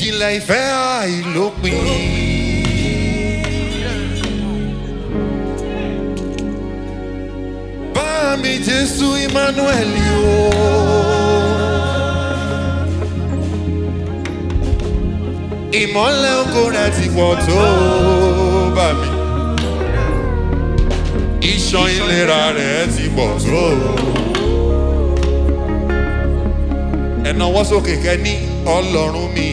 ìjìnlẹ̀ ìfẹ́ àìlópin. bá mi jésù emmanuel o. ìmọ̀lẹ̀ ògo rẹ̀ ti pọ̀ tó bá mi. iṣan ìlera rẹ̀ ti pọ̀ tó. ẹ̀nà wọ́n sókè kẹ́ ní ọlọ́run mi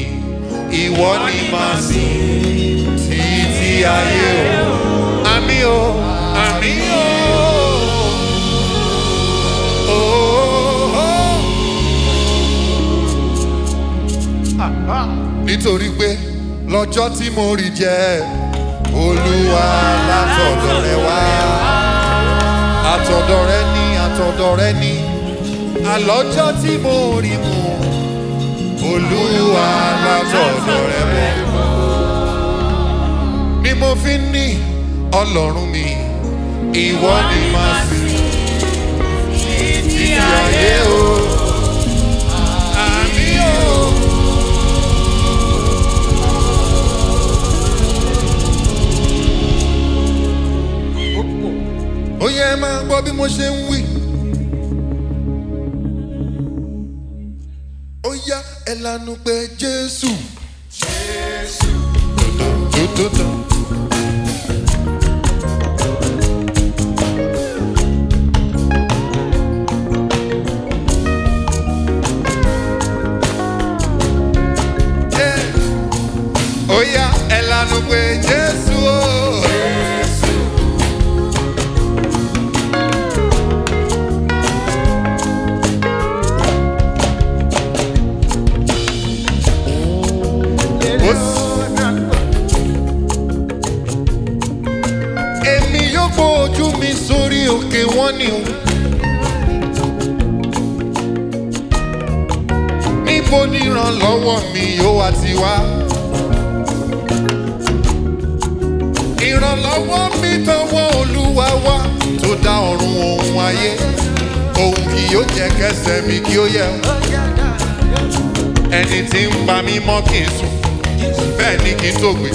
ìwọ ni màá sìn títí ayé o àmì o àmì o. nítorí pé lọ́jọ́ tí mo rí jẹ́ olúwa látọ̀dọ̀ rẹ wá àtọ̀dọ̀ rẹ ní àtọ̀dọ̀ rẹ ní àlọ́jọ́ tí mo rí mu olúwa látọ̀dọ̀ rẹ mọ́. ni mo fi ní ọlọ́run mi ìwọ ni màá sìn. dá ọ̀run ohun ayé òun kì yóò jẹ́ kẹsẹ̀ mi kí ó yẹ ẹni tí ń pa mí mọ́ kì í sùn bẹ́ẹ̀ ni kì í tògbè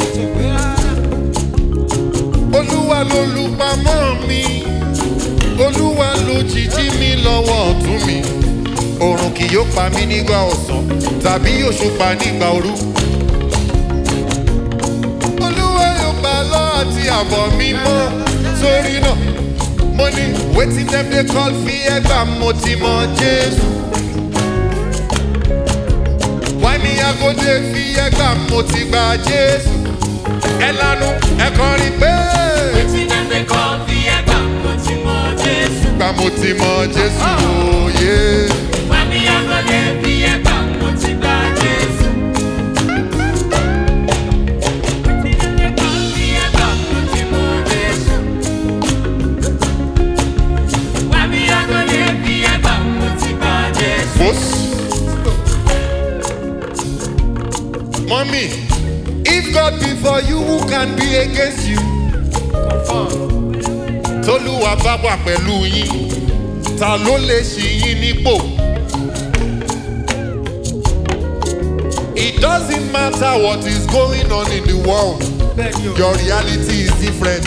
olúwa lolùpamọ́ mi olúwa ló jìjí mi lọ́wọ́ ọ̀tún mi oòrùn kì yóò pa mí nígbà ọ̀sán tàbí òṣùpá nígbà òru. olúwa yóò gbà lọ àti àbọ̀ mi mọ́ sórí náà. Money, waiting them they call Fiegba Motimo Jesus. Why me I go dey Fiegba Motigba Jesus? Ẹlanu ẹkọrin pé. Waiting them they call Fiegba Motimo Jesus. Gba Motimo Jesus ooo oh, yé. Why me I go dey Fiegba. Mommy, if God be for you, who can be against you? Tolúwa bá wà pẹ̀lú yín, ta ló lè ṣì yín nípò? It doesn't matter what is going on in the world, your reality is different.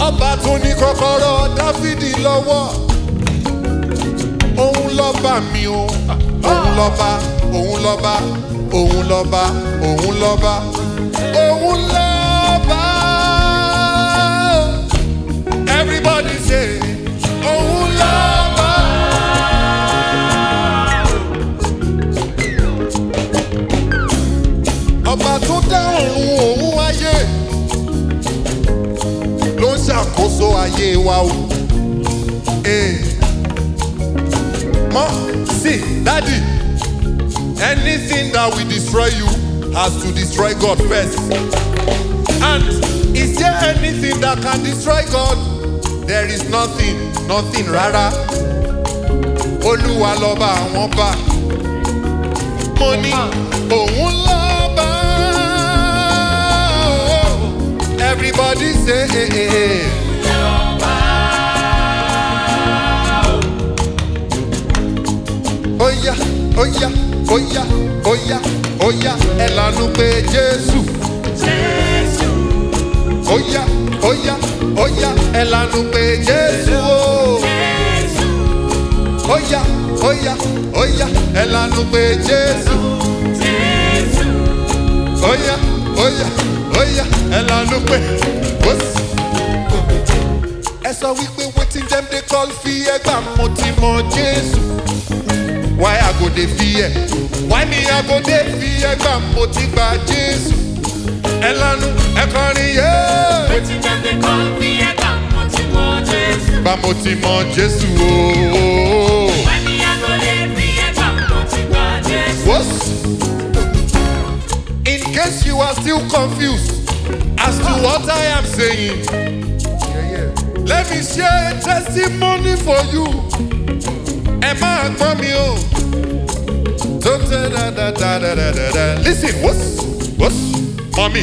Ọba tó ní kọ́kọ́rọ́ Dáfídì lọ́wọ́, òun lọ́ba mi o, òun lọ́ba. Ah òun lọ́ba òun lọ́ba òun lọ́ba òun lọ́ba everybody say òun lọ́ba. ọba tó dá ọ̀run òun ayé ló ń ṣàkóso ayé wa o. Hey. Eh. mọ́ sí dádì. Anything that will destroy you has to destroy God first. And is there anything that can destroy God? There is nothing, nothing rárá. Oluwa Loba àwọn bá. Mo ní òun Everybody say eh, eh, eh. Oh yeah, oh yeah óyá óyá óyá ẹ lanu pé jésù. jésù. óyá óyá óyá ẹ lanu pé jésù o. jésù. óyá óyá óyá ẹ lanu pé jésù. jésù. óyá óyá óyá ẹ lanu pé jésù. ẹ sọ wípé wetin dem dey call fi ẹgbàá mo ti mọ jésù why i go dey fear why me i go dey fear gbà mo ti gba jésù ẹ lanu ẹ kọrin yé. wetin dem dey call fear gbà mo ti mọ jésù. gbà mo ti mọ jésù ooo. why me i go dey fear gbà mo ti gba jésù. in case you are still confused as to what i am saying. Yeah, yeah. Let me share a testimony for you ẹ máa gbọ́ mi o. tó tẹ́ dáadáa listen wọ́s wọ́s mọ́mí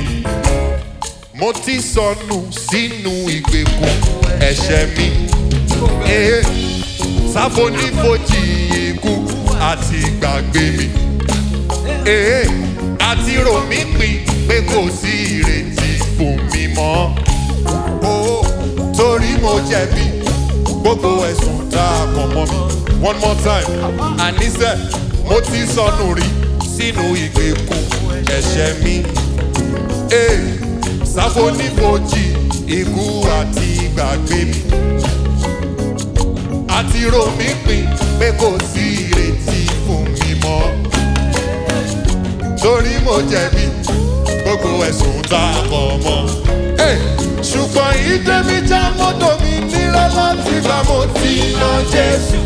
mo ti sọnù sínú ìgbèkùn ẹ̀ṣẹ̀ mi. Eh, sáfo ní fojì ikú àti gbàgbé mi. Eh, àti rò mí pin pé kò sí ìrètí fún mi mọ́. Oh, torí mo jẹ̀bi gbogbo ẹ̀sùn dáàpọ̀ mọ́ mi one more time àníṣe mo ti sọnù rí sínú ìgbèkùn ẹ̀ṣẹ̀ mi sáfò nífojì ikú àti ìgbàgbé mi àti rò mí pin pé kò sí ìrètí fún mi mọ́ torí mo jẹ̀bi gbogbo ẹ̀sùn tá a mọ̀ mọ́ ṣùgbọ́n ìdẹ́mi já mọ́tò mi nírọ́ láti gbà mo ti yan Jésù.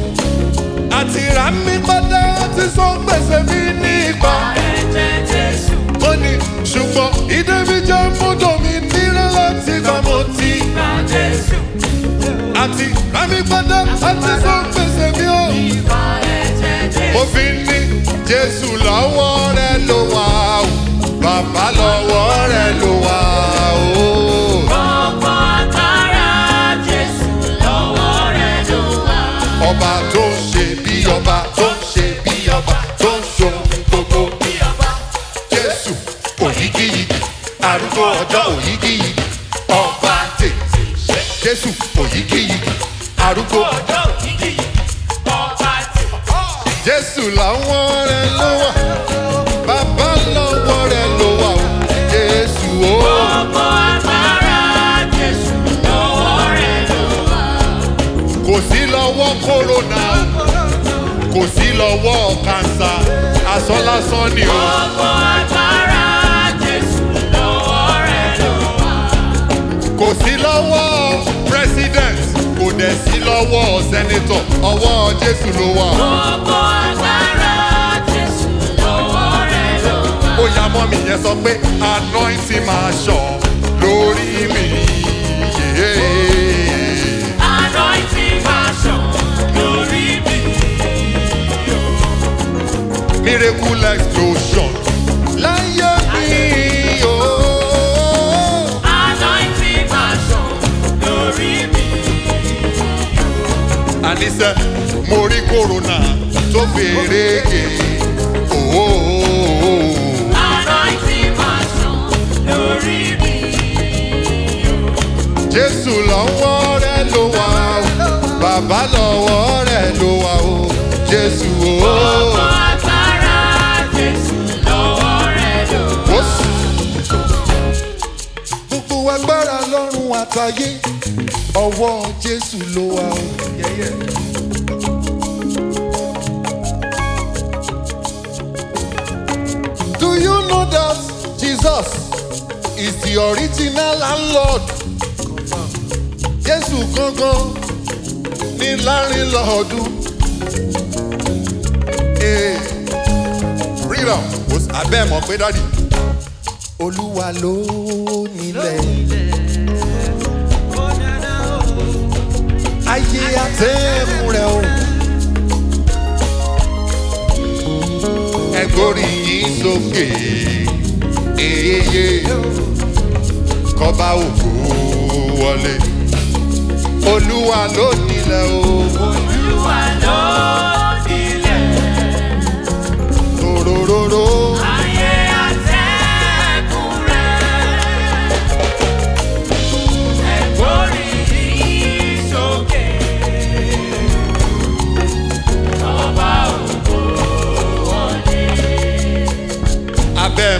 Àti rà mí padà ti sọ gbèsè mi nípa. Ó ní ṣùgbọ́n ìdẹ́bí jẹ́ mọ́tò mi. arúgbó. ọjọ́ òjijì ọba tì. jésù làwọn rẹ ló wà bàbá lọ́wọ́ rẹ ló wà ó jésù ó. gbogbo agbára jésù lọ́wọ́ rẹ ló wà. kò sí lọ́wọ́ kòrónà kò sí lọ́wọ́ kànsà asọ́lásán ni ó. gbogbo agbára jésù lọ́wọ́ rẹ ló wà. kò sí lọ́wọ́ president lọ́wọ́ sẹ́nitọ̀ ọwọ́ Jésù ló wà. gbogbo agbára Jésù lọ́wọ́ rẹ̀ ló wà. ó yá mọ́ mi yẹn sọ pé anointing máa ṣọ̀ lórí mi. anointing máa ṣọ̀ lórí mi. miracle explosion. níṣẹ́ mo rí kòrónà tó fèrè gè owó. aláìsí máa sùn lórí mi. Jésù lọ́wọ́ rẹ ló wà o bàbá lọ́wọ́ rẹ ló wà o Jésù o. bàbá agbára Jésù lọ́wọ́ rẹ ló wà. gbogbo agbára lọ́run àtayé ọwọ́ Jésù ló wà o. Do you know that Jesus is the original landlord? Jésù gangan ní lárinlọ́ọ̀dún. Eh, Rírà abẹ́ mọ̀ pé dádì. Olúwa ló nílẹ̀. ayé àtẹ̀kùn rẹ̀ o. ẹgbórí yìí sókè èyeye kọba òkú wọlé olúwa ló nílẹ̀ o. olúwa ló nílẹ̀. rorororo.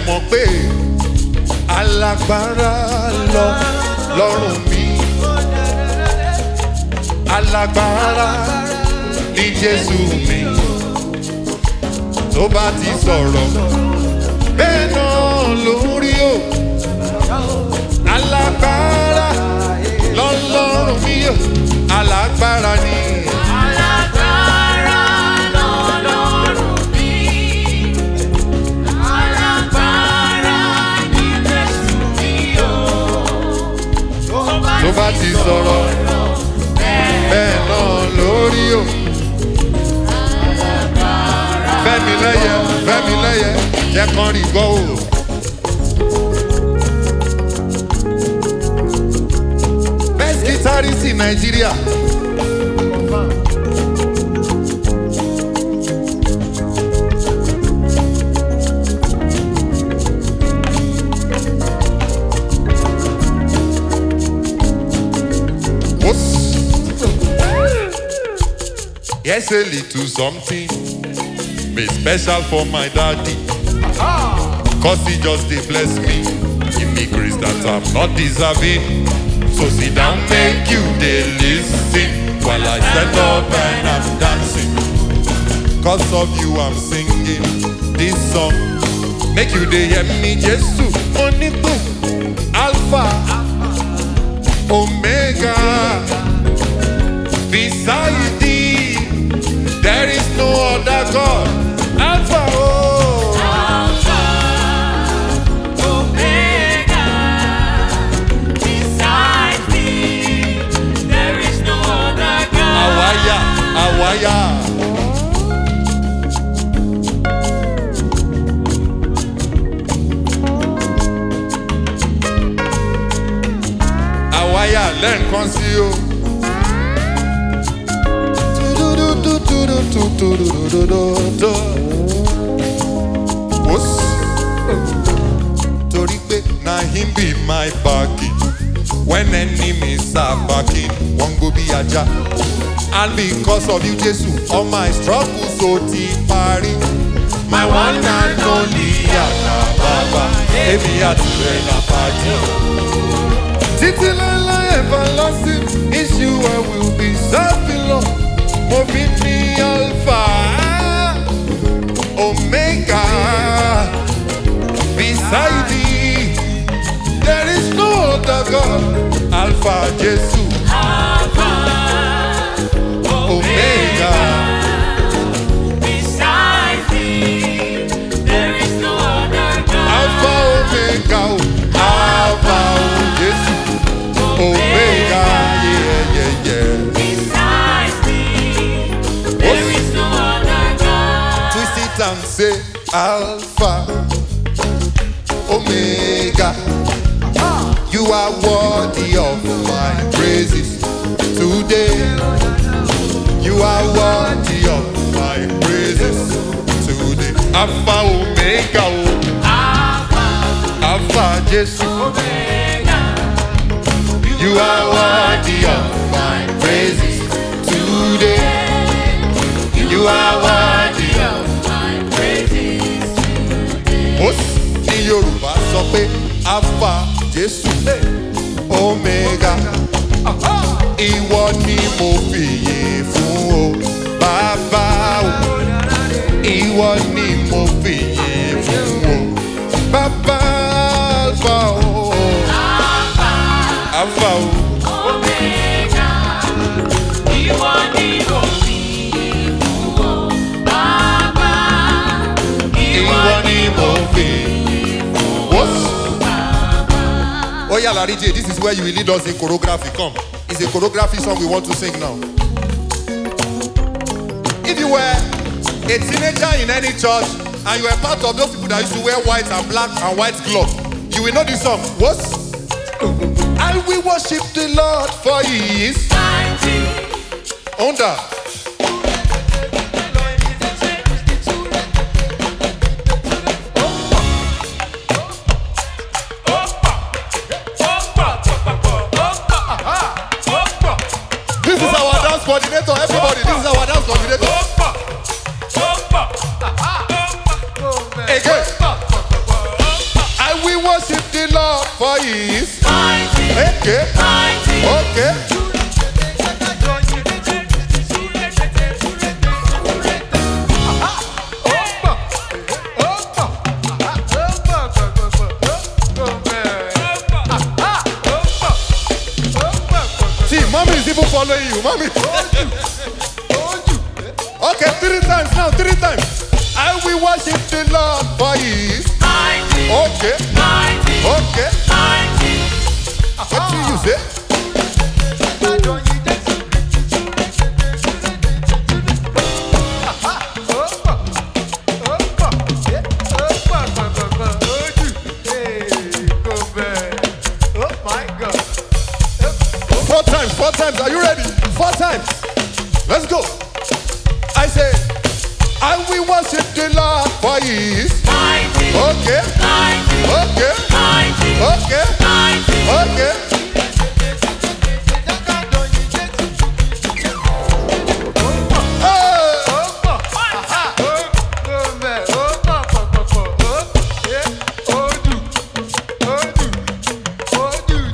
ẹ mọ̀ pé alágbára lọ lọ́rùn mi alágbára ní Jésù mi tó bá ti sọ̀rọ̀ bẹ́ẹ̀ náà lórí o alágbára lọ́lọ́run mi yóò. nàìjíríà. Yes, a little something be special for my daddy. Ah! Cause he just dey bless me, give me grace that I'm not deserving. and take you delisting While I stand up and I'm dancing Cause of you I'm singing this song Make you they hear me Jesus Oniku Alpha Omega lẹ́ǹkan sí o. torí pé na him be my backing when enemies are backing wọ́n go bí ajá. And because of you, Jesus, all my struggles so ti parí. My one and only Yàrá Bàbá, èmi àti rẹ̀ là pàdé. Never everlasting it is you I will be serving Lord mo fi ní alpha omega beside thee there is no other God alpha Jesus. worthy of my praises today. You are worthy of my praises today. Alpha Omega, Alpha Jesus. You are worthy of my praises today. You are worthy of my praises today. Ó sì Yorùbá sọ pé Alpha. Jésù Omega ìwọ ni mo fìyè fún o. Larije, this is where you will lead us in choreography. Come. It's a choreography song we want to sing now. If you were a teenager in any church and you were part of those people that used to wear white and black and white gloves, you will know this song. What? And we worship the Lord for He mighty. Under. you, mommy. you. you. Okay, three times now, three times. I will worship the Lord for his. Mighty. Okay. Mighty. Okay. Mighty. What do you say?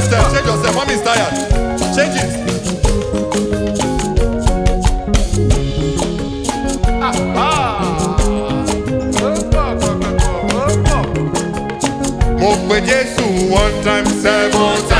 your step, change your step. Mommy is tired. Change it. Ah, ah. Mo pe Jésù one time seven times.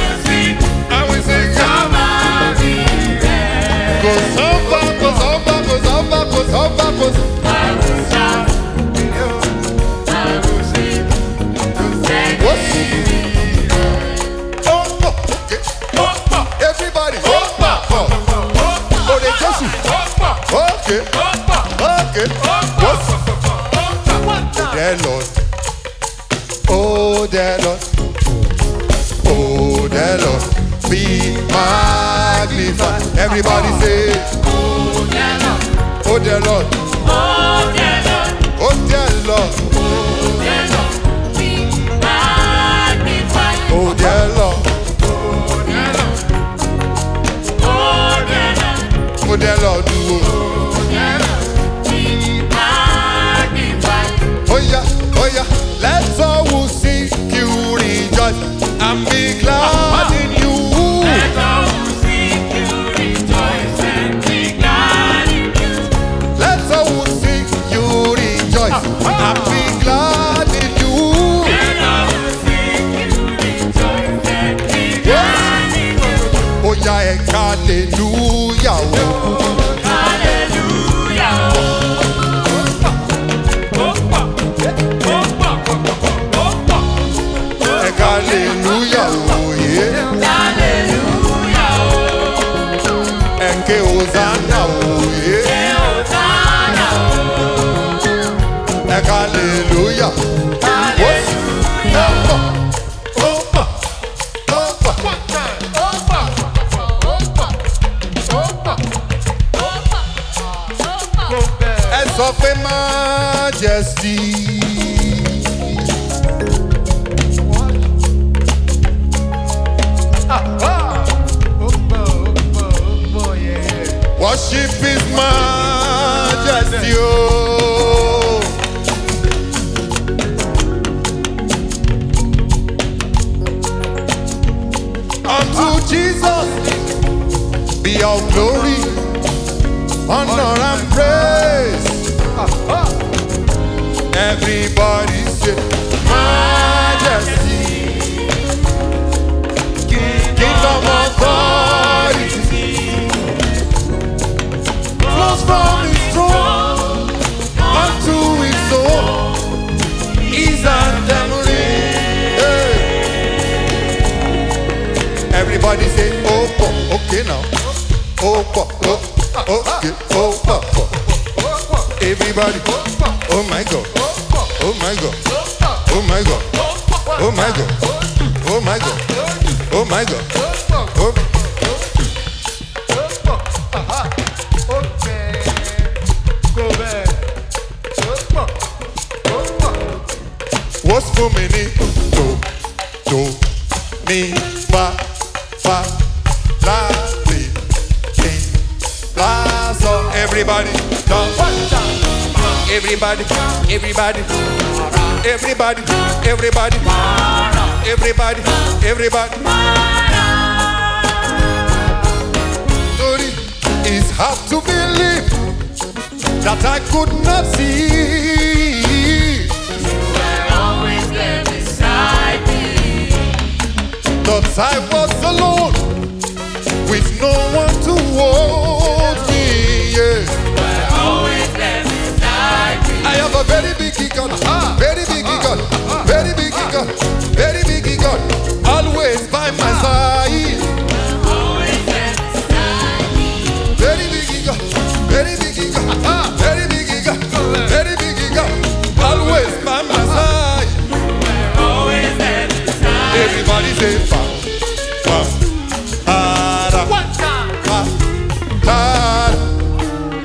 no. majesty. Ah, ah. Oh, oh, oh, Worship His majesty. Oh. Unto ah. Jesus be all glory, honor, and praise. Everybody say, Majesty, Kingdom authority, flows from His throne unto His soul, is and family. Everybody say, Oh, okay now, oh, okay, oh. everybody. Oh my God. Oh my God. Oh my God. Oh my God. Oh my God. Oh my God. Oh. What's for me? Do, do, me, fa, fa, la, li, ki, la, so everybody, come. Everybody, everybody, everybody, everybody, everybody, everybody. Tori, it's hard to believe that I could not see. You were always there beside me. Thought I was alone with no one to hold. very big gun, very big gun, very big gun, very big gun. Always by my side. Always by my side. Very big gun, very big gun, very big gun, very big gun. Always by my side. We're always at the side. Everybody say fa,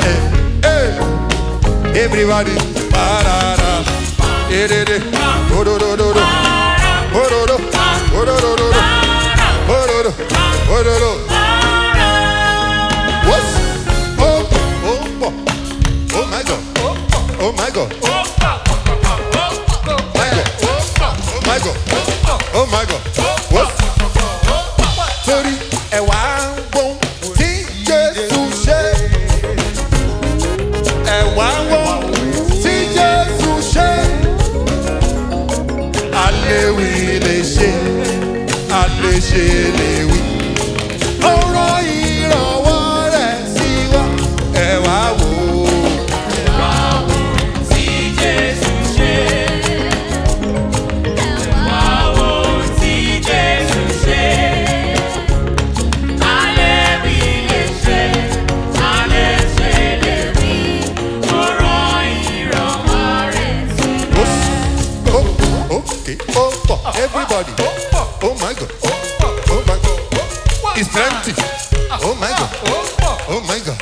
eh, eh. Everybody. Oh, oh, oh. oh, my God! Oh my God. Oh my God. Oh my God. Oh my God. Oh my God. okay. Oh, oh, everybody. Oh, oh oh my God. Oh, oh oh my God. It's plenty. Oh my God. Oh oh, my God.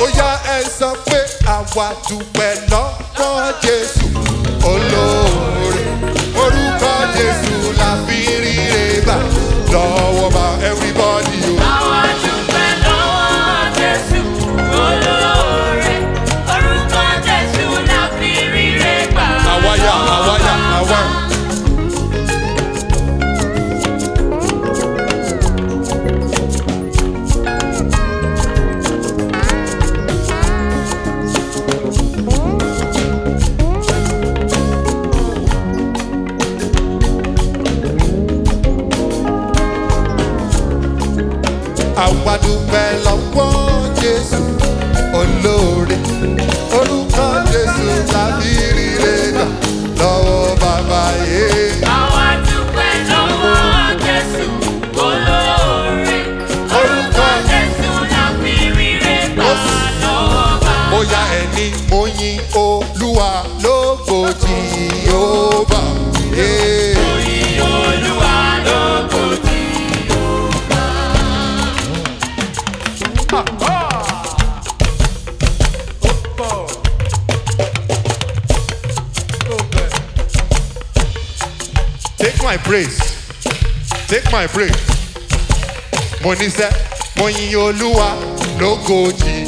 Oh yeah, I want to ẹ sọ pé Jesus. Oh Lord, oh olóore. Orúkọ Jesus, la fi rí rè bá lọ́wọ́ bá everybody oh. ó yá ẹni oyin olúwa lógo Jèhófà. oyin olúwa lógo Take my praise, take my praise. Mo ní sẹ́, mo yin Olúwa lógo Jèhófà.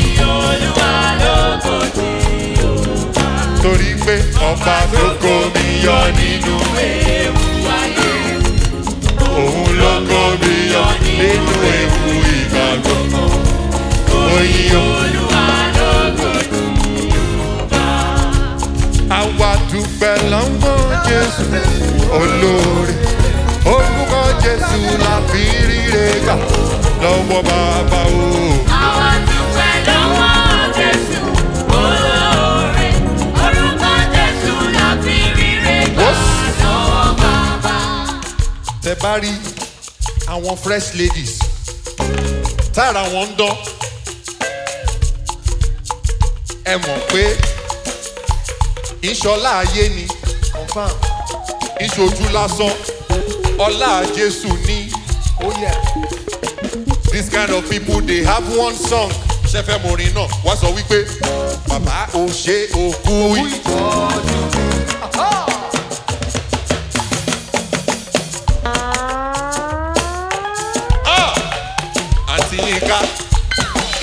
torí pé ọba tó kó mi yọ nínú ewu ayé òun ló kó mi yọ nínú ewu ìgbàgbọ́ oyin olúwa lọ́gọ́ ni yorùbá. àwa dúpẹ́ lọ́wọ́ jésù olóore orúkọ jésù la fi ríre gbà lọ́wọ́ bàbá o. tẹ bá rí àwọn fresh ladies tára wọn ń dán ẹ mọ̀ pé ìṣọlá ayé ni confam ìṣojú lásán ọlá Jésù ní oh yeah this kind of people dey have one song ṣẹfẹ morin náà wá sọ wípé bàbá ò ṣe òkú ìtọ́jú. Oh,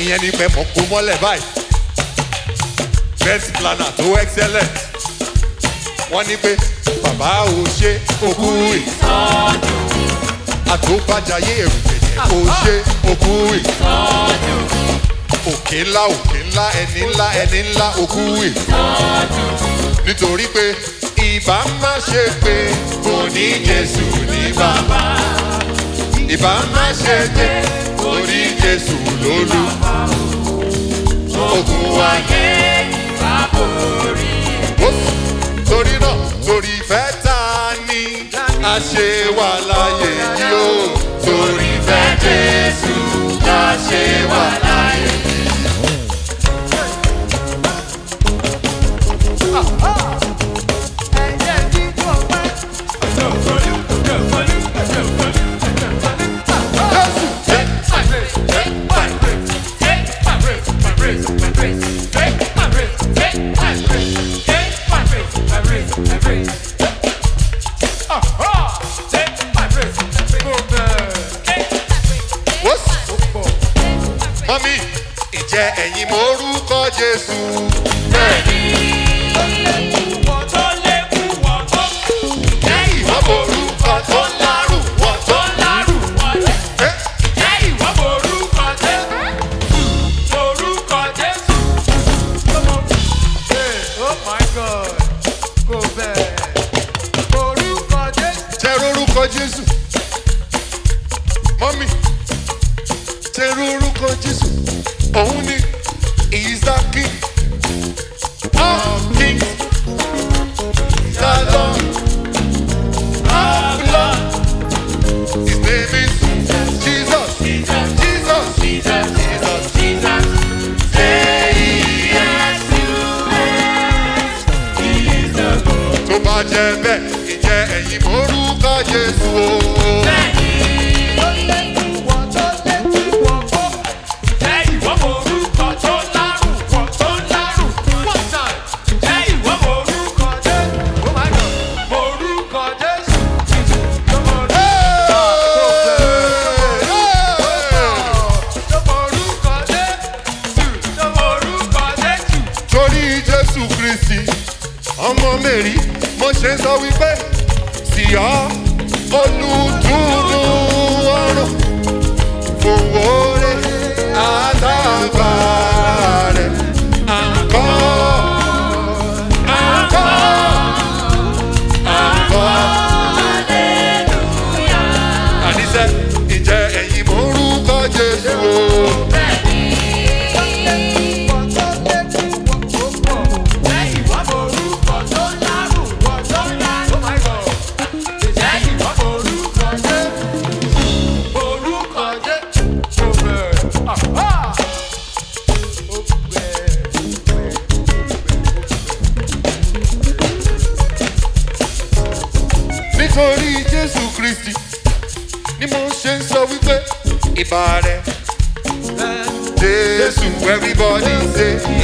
ìyẹn ni pẹ̀pọ̀ kó mọ́lẹ̀ báyìí best planner tó excellent wọ́n ní pé bàbá ò ṣe òkú ìtọ́jú àtòbájayé èrùjẹ̀jẹ̀ kò ṣe òkú ìtọ́jú òkè ńlá òkè ńlá ẹni ńlá ẹni ńlá òkú ìtọ́jú nítorí pé ìbá má ṣe pé kò ní Jésù ní bàbá ìbá má ṣe pé kò ní Jésù lólu. Ogun ayé àbórí ẹ̀. Torí náà, torí ìfẹ́ ta ni a ṣe wà láyé yìí o. Torí ìfẹ́ Jésù la ṣe wà láyé. jésù kristi ọmọ mẹ́rí mo ṣe ń sọ wípé síyá olùdúdú ọ̀rọ̀ fòwò. everybody. This to everybody. Say.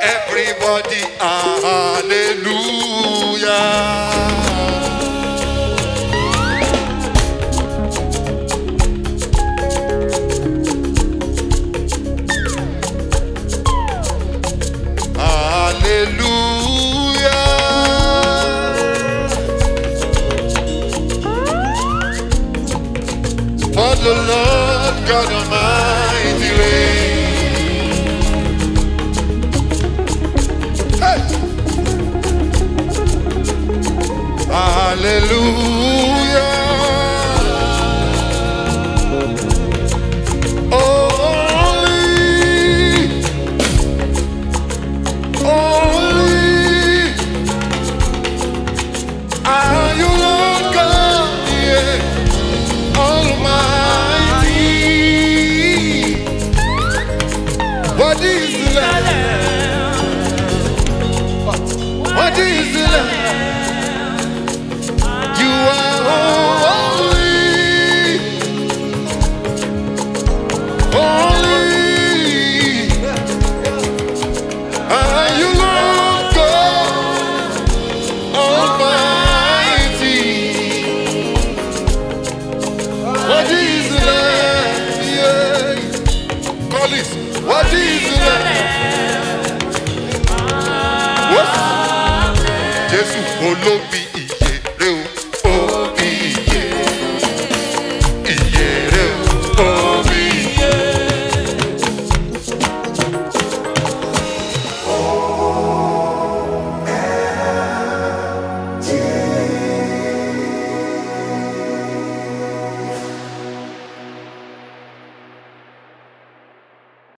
Everybody, hallelujah. olóbi